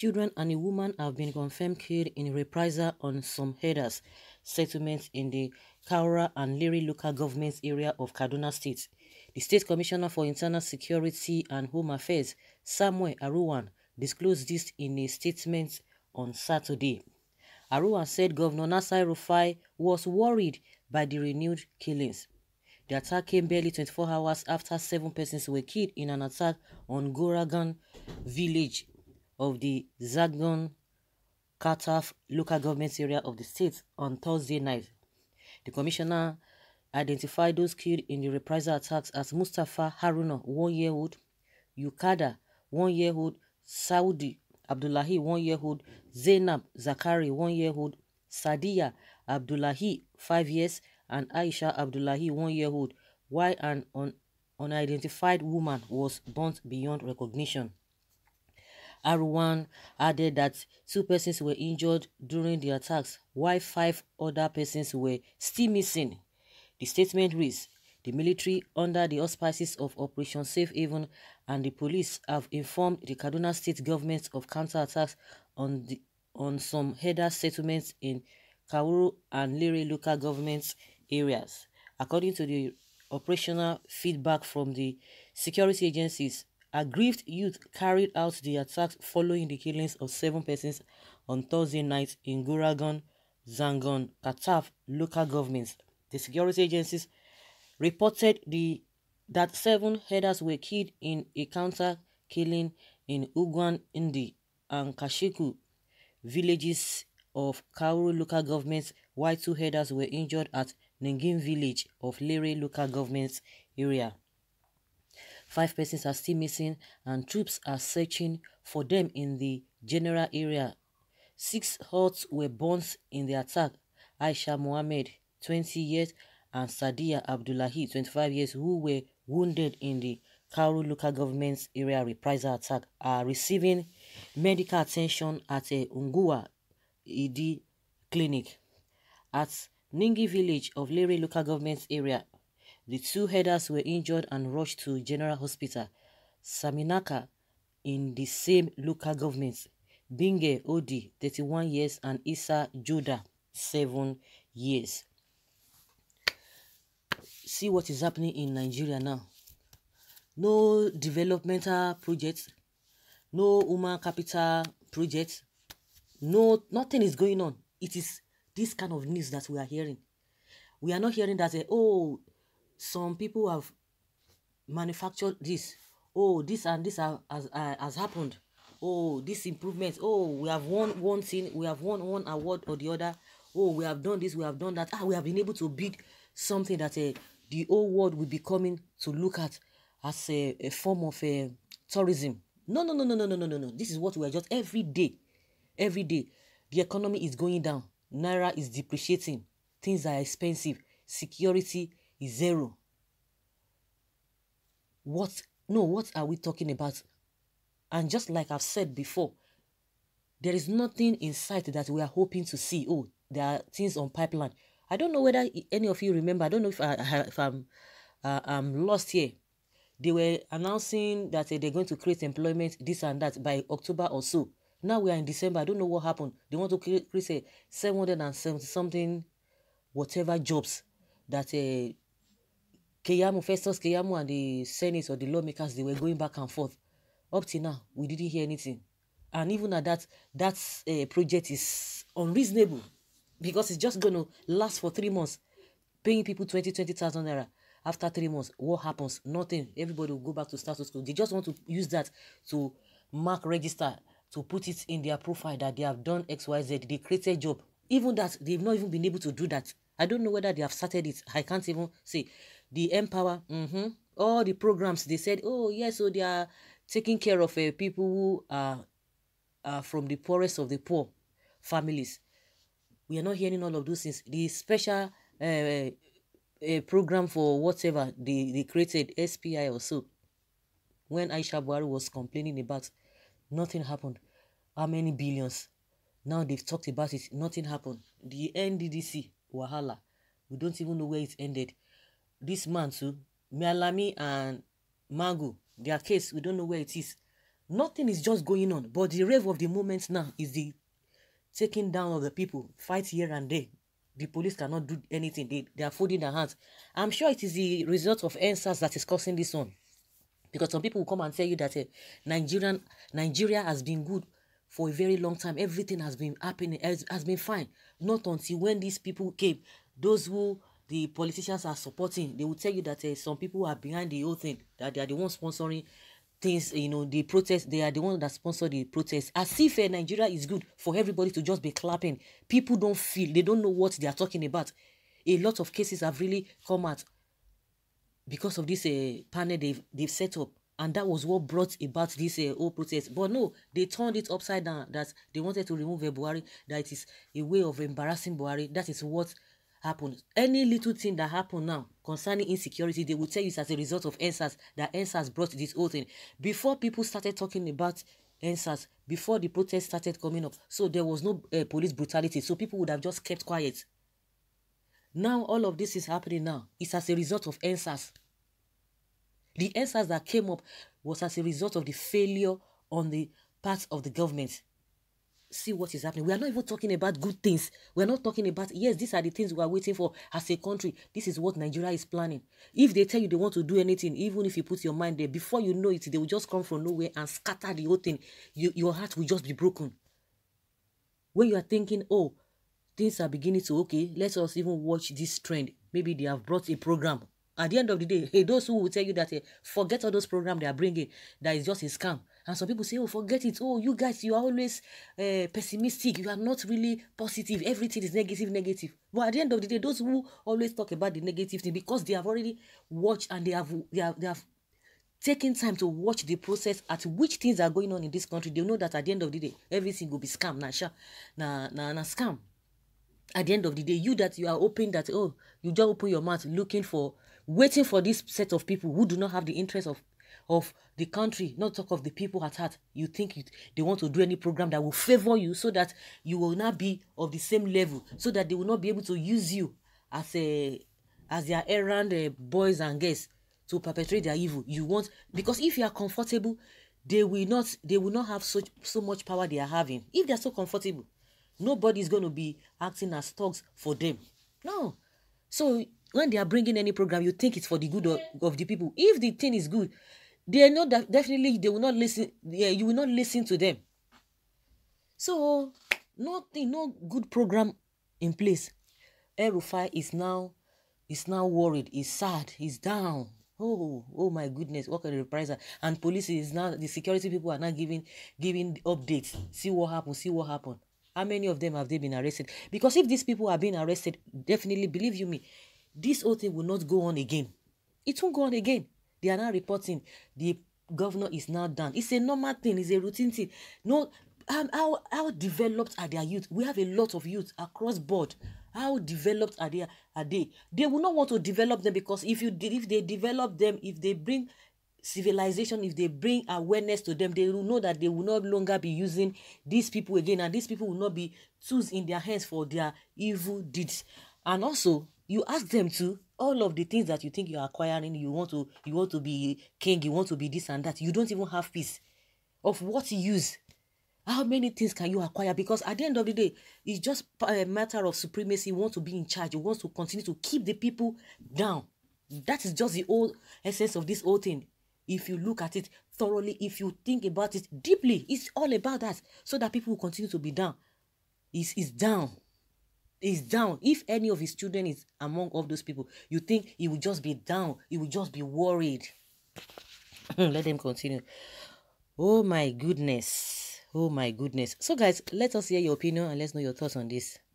children and a woman have been confirmed killed in reprisal on some herders' settlements in the Kaura and Liri local government area of Kaduna State. The State Commissioner for Internal Security and Home Affairs, Samuel Aruwan, disclosed this in a statement on Saturday. Aruwan said Governor Nasir Rufai was worried by the renewed killings. The attack came barely 24 hours after seven persons were killed in an attack on Goragan village of the cut Kataf local government area of the state on Thursday night. The commissioner identified those killed in the reprisal attacks as Mustafa Haruna, one-year-old, Yukada, one-year-old, Saudi Abdullahi, one-year-old, Zainab Zakari, one-year-old, Sadia Abdullahi, five years, and Aisha Abdullahi, one-year-old, while an un unidentified woman was burnt beyond recognition. Arwan added that two persons were injured during the attacks, while five other persons were still missing. The statement reads, the military, under the auspices of Operation Safe Haven and the police, have informed the Kaduna State government of counterattacks on, the, on some header settlements in Kauru and Liri local government areas. According to the operational feedback from the security agencies, Aggrieved youth carried out the attacks following the killings of seven persons on Thursday night in Guragon, Zangon, Kataf local governments. The security agencies reported the that seven headers were killed in a counter killing in Uguan Indi and Kashiku villages of Kauru local governments, while two headers were injured at Nengin village of Lere local government's area. Five persons are still missing and troops are searching for them in the general area. Six huts were burnt in the attack. Aisha Mohammed, 20 years, and Sadia Abdullahi, 25 years, who were wounded in the Kauru local Government's area reprisal attack, are receiving medical attention at a Ungua ED clinic. At Ningi village of Liri local Government's area, the two headers were injured and rushed to General Hospital, Saminaka, in the same local government. Binge Odi, 31 years, and Isa Judah, 7 years. See what is happening in Nigeria now. No developmental projects, no human capital projects, no nothing is going on. It is this kind of news that we are hearing. We are not hearing that, uh, oh, some people have manufactured this oh this and this have, has, uh, has happened oh this improvement oh we have won one thing we have won one award or the other oh we have done this we have done that ah we have been able to build something that uh, the whole world will be coming to look at as a, a form of uh, tourism no no no no no no no no no this is what we are just every day every day the economy is going down naira is depreciating things are expensive security is zero. What, no, what are we talking about? And just like I've said before, there is nothing in sight that we are hoping to see. Oh, there are things on pipeline. I don't know whether any of you remember. I don't know if, I, if I'm, uh, I'm lost here. They were announcing that uh, they're going to create employment, this and that, by October or so. Now we are in December. I don't know what happened. They want to create, create 770 something, whatever jobs that uh, Keyamu, Festus Keyamu and the Senate or the lawmakers, they were going back and forth. Up till now, we didn't hear anything. And even at that, that uh, project is unreasonable because it's just going to last for three months. Paying people 20, 20,000 naira. After three months, what happens? Nothing. Everybody will go back to status school. They just want to use that to mark register, to put it in their profile that they have done XYZ. They created a job. Even that, they've not even been able to do that. I don't know whether they have started it. I can't even say the Empower, mm-hmm, all the programs, they said, oh, yes, so they are taking care of uh, people who are, are from the poorest of the poor families. We are not hearing all of those things. The special uh, uh, uh program for whatever they, they created, SPI or so, when Aisha Buhari was complaining about, nothing happened. How many billions? Now they've talked about it, nothing happened. The NDDC, Wahala, we don't even know where it ended this man too, Mialami and Mago, their case, we don't know where it is. Nothing is just going on, but the rave of the moment now is the taking down of the people, fight here and there. The police cannot do anything. They, they are folding their hands. I'm sure it is the result of answers that is causing this one. Because some people will come and tell you that uh, Nigerian Nigeria has been good for a very long time. Everything has been happening, has, has been fine. Not until when these people came, those who the politicians are supporting they will tell you that uh, some people are behind the whole thing that they are the ones sponsoring things eh, you know the protest they are the ones that sponsor the protest as if uh, nigeria is good for everybody to just be clapping people don't feel they don't know what they are talking about a lot of cases have really come out because of this uh, panel they've, they've set up and that was what brought about this uh, whole protest but no they turned it upside down that they wanted to remove uh, buhari that is a way of embarrassing buhari that is what Happen Any little thing that happened now concerning insecurity, they will tell you it's as a result of answers that answers brought this whole thing. Before people started talking about answers, before the protest started coming up, so there was no uh, police brutality, so people would have just kept quiet. Now all of this is happening now. It's as a result of answers. The answers that came up was as a result of the failure on the part of the government see what is happening. We are not even talking about good things. We are not talking about, yes, these are the things we are waiting for as a country. This is what Nigeria is planning. If they tell you they want to do anything, even if you put your mind there, before you know it, they will just come from nowhere and scatter the whole thing. You, your heart will just be broken. When you are thinking, oh, things are beginning to, okay, let us even watch this trend. Maybe they have brought a program. At the end of the day, hey, those who will tell you that, hey, eh, forget all those programs they are bringing, that is just a scam and some people say oh forget it oh you guys you are always uh, pessimistic you are not really positive everything is negative negative but at the end of the day those who always talk about the negative thing because they have already watched and they have they have, they have taking time to watch the process at which things are going on in this country they know that at the end of the day everything go be scam na sha na na na scam at the end of the day you that you are hoping that oh you just open your mouth looking for waiting for this set of people who do not have the interest of of the country, not talk of the people at heart. You think they want to do any program that will favor you so that you will not be of the same level, so that they will not be able to use you as a as their errand uh, boys and girls to perpetrate their evil. You want because if you are comfortable, they will not they will not have such so much power they are having. If they are so comfortable, nobody is going to be acting as thugs for them. No. So when they are bringing any program, you think it's for the good of, of, the people. If the thing is good, they know that definitely they will not listen yeah, you will not listen to them so nothing no good program in place erufai is now is now worried he's sad he's down oh oh my goodness what kind of reprisal and police is now the security people are now giving giving updates see what happened see what happened how many of them have they been arrested because if these people are being arrested definitely believe you me this whole thing will not go on again it won't go on again They are now reporting the governor is now down. It's a normal thing. It's a routine thing. No, um, how how developed are their youth? We have a lot of youth across board. How developed are they? Are they? They will not want to develop them because if you if they develop them, if they bring civilization, if they bring awareness to them, they will know that they will no longer be using these people again, and these people will not be tools in their hands for their evil deeds. And also, you ask them to all of the things that you think you're acquiring you want to you want to be king you want to be this and that you don't even have peace of what use how many things can you acquire because at the end of the day it's just a eh, matter of supremacy you want to be in charge you want to continue to keep the people down that is just the whole essence of this whole thing if you look at it thoroughly if you think about it deeply it's all about that so that people will continue to be down it's, it's down is down if any of his children is among of those people you think he will just be down he will just be worried let them continue oh my goodness oh my goodness so guys let us hear your opinion and let's know your thoughts on this